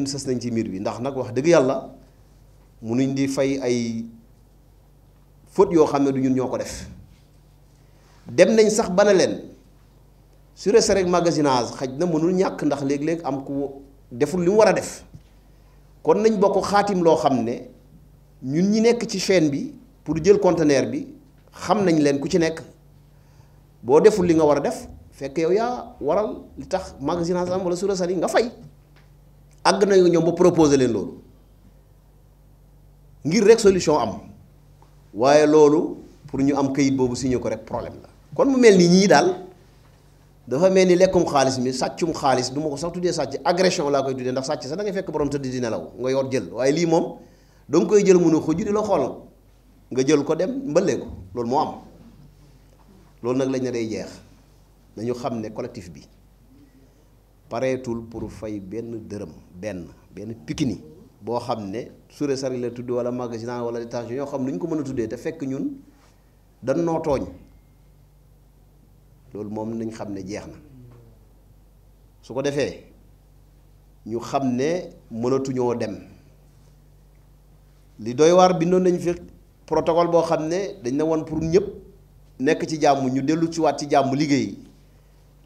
ñun sës nañ ci mbir bi ndax nag wax dëgg yàlla munuñ di fay ay faute yoo xam ne ñoo ko def dem nañ sax bana leen sur et rek xaj na mënul ñàkk ndax léegi léeg am ku deful li mu war a def kon nañ bokk xaatim loo xam ne ñun ñi nekk ci chaîne bi pour jël conteneur bi xam nañ leen ku ci nekk boo deful li nga war a def fekk yow yaa waral li tax magasinage am wala sur et nga fay. àgg nañu ñoom ba proposer leen loolu ngir rek solution am waaye loolu pour ñu am kayit boobu signé ko rek problème la kon mu mel ni ñii daal dafa mel ni lekkum xaalis mi sàccum xaalis du ma ko sax tuddee sàcc agression laa koy tuddee ndax sàcc sax da ngay fekk borom tëdd di nelaw nga yor jël waaye lii moom danga koy jël mun a xuj di la xool nga jël ko dem mbëllee ko loolu moo am loolu nag lañ ne day jeex nañu xam ne collectif bi pareetul pour fay ben dërëm ben ben pikini boo xam ne sure sari la tudd wala magasin wala détention yoo xam ne ñu ko mën a fekk ñun dan no tooñ loolu mom nañ xam ne jeex na su ko defee ñu xam ne mënatuñoo dem li doy waar bindoon nañ fi protocole boo xam dañ na woon pour ñëpp nek ci jàmm ñu delu ci waat ci jàmm liggéey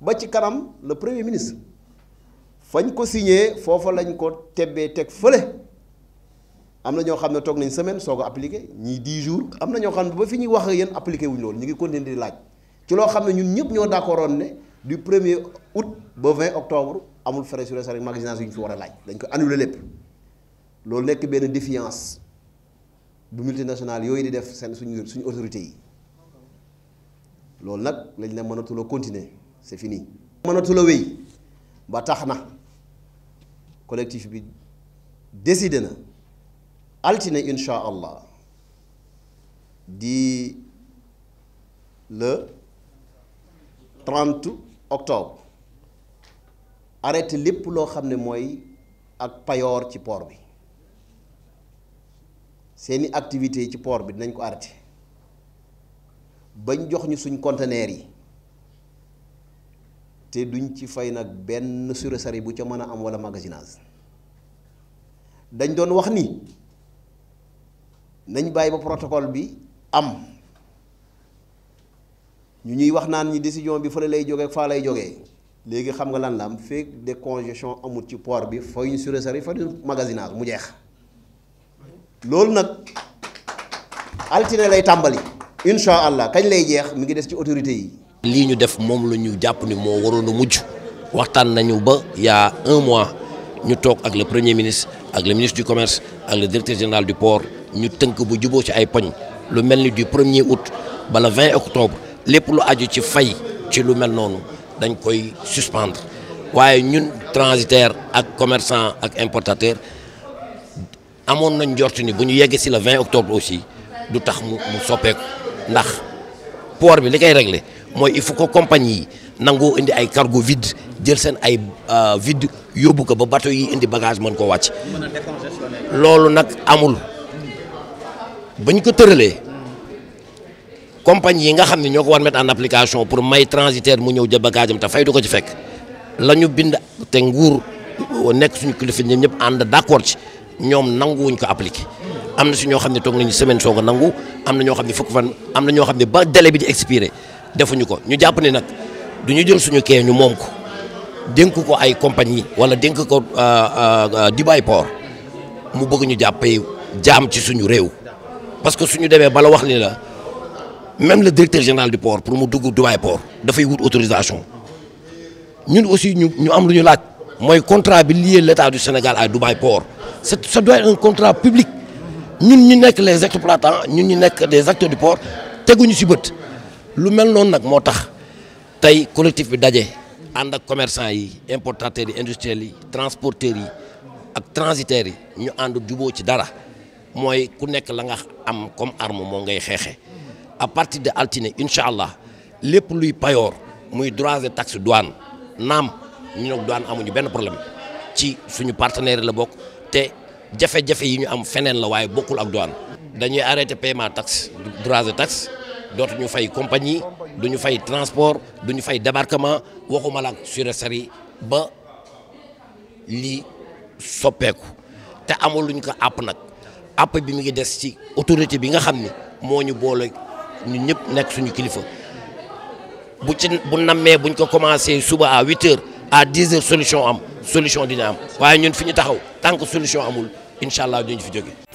ba ci kanam le premier ministre fañ ko signé fofa lañ ko tebbee tek feulé amna ño xamné tok nañ semaine soo appliquer appliqué 10 jours amna ño ñoo xam ba fiñi wax yeen appliquer wuñ lool ñi ngi continuer di laaj ci lo xamné ne ñun ñëpp ñoo d'accordoon né du 1er août ba 20 octobre amul frais sur les salaires magasinage yu ñu fi wara laaj dañ ko annuler lépp lool nek benn défiance bu multinational yoy di def sen suñu suñu autorité yi lool nak lañ la mëna tu mënatuloo continuer c'est fini. mënatula wéy ba tax na collectif bi décidé na altine incha allah di le 30 octobre arrêté lépp loo xam ne mooy ak payoor ci port bi seeni activités yi ci poor bi dinañ ko arrêté bañ jox ñu suñ conteneurs yi. te duñ ci fay nag benn surestarie bu ca mën a am wala magasinage dañ doon wax ni nañ bàyyi ba protocole bi am ñu ñuy wax naan ñi décision bi fa lay jógee faa lay jogee léegi xam nga lan la am fekk décongestion amut ci port bi fa ñu surestarie fa du magasinage mu jeex loolu nag altine lay tàmbali incha allah kañ lay jeex mi ngi des ci autorité yi li ñu def mom la ñu jàpp ni mo warono a mujj nañu ba il y a un mois ñu tok ak le premier ministre ak le ministre du commerce ak le directeur général du port ñu teunk bu jubo ci ay poñ lu melni du du premier août ba le 20 octobre lepp lu aju ci fay ci lu mel nonu dañ koy suspendre waye ñun transitaires, ak commerçant ak importateur amon nañ njort ni bu ñu yeggee ci le 20 octobre aussi du tax mu mu ndax port bi li est réglé. mooy il faut que compagnie yi nangoo indi ay cargo vide jël seen ay euh, vide yóbbu ko ba bateau yi indi bagage mën koo wàcc. loolu nag amul bañ ko tëralee. compagnie yi nga xam ne ñoo ko war mettre en application pour may transitaire mu ñëw ja bagage am te fay du ko ci fekk la ñu bind te nguur euh, nekk suñu kilifa ñëpp ànd d'accord ci ñoom nanguwuñ ko appliquer am na si ñoo xam ne toog nañu semaine soog a nangu am na ñoo xam ne fukk fan am na ñoo xam ne ba délai bi di expiré. defuñu ko ñu japp ni nak duñu ñu jël suñu kee ñu mom ko dénk ko ay compagnie wala dénk ko euh, euh, euh, Dubai Port mu bëgg ñu jappé Jam, ci suñu réew parce que suñu demee bala wax ni la même le directeur général du port pour mu dugg Dubai Port fay wut autorisation ñun aussi ñu ñu am luñu laaj moy contrat bi lié l'État du Sénégal à Dubai Port c'est ça doit être un contrat public ñun ñu nekk les exploitants ñun ñu nekk des acteurs du port teguñu ci bët lu mel noonu nag moo tax tey collectif bi daje ànd ak commerçant yi importateurs yi industriels yi transporteurs yi ak transitaires yi ñu ànd juboo ci dara mooy ku nekk la nga am comme arme moo ngay xeexe à partir de altine incha allah lépp luy payoor muy droits et taxes douane naam ñu nag douane amuñu benn problème ci suñu partenaire la bokk te jafe-jafe yi ñu am feneen la waaye bokkul ak douane dañuy arrêté paiement tax droits et tax dootuñu fay compagnie duñu fay transport duñu fay débarquement waxuma la surestarie ba lii soppeeku te amul luñ ko àpp nag àpp bi mu ngi des ci autorité bi nga xam ni moo ñu boole ñun ñëpp nekk suñu kilifa bu bu nammee buñ ko commencé suba a 8h à 10 heures solution am solution dina am waaye ñun fi ñu taxaw tant solution amul inshallah allah duñ fi jóge